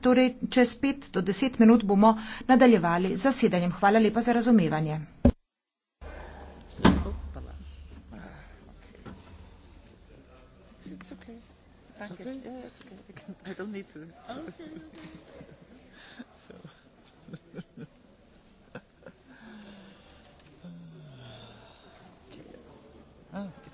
torej čez pet do deset minut bomo nadaljevali z zasedanjem. Hvala lepa za razumevanje. Okay. Oh, okay.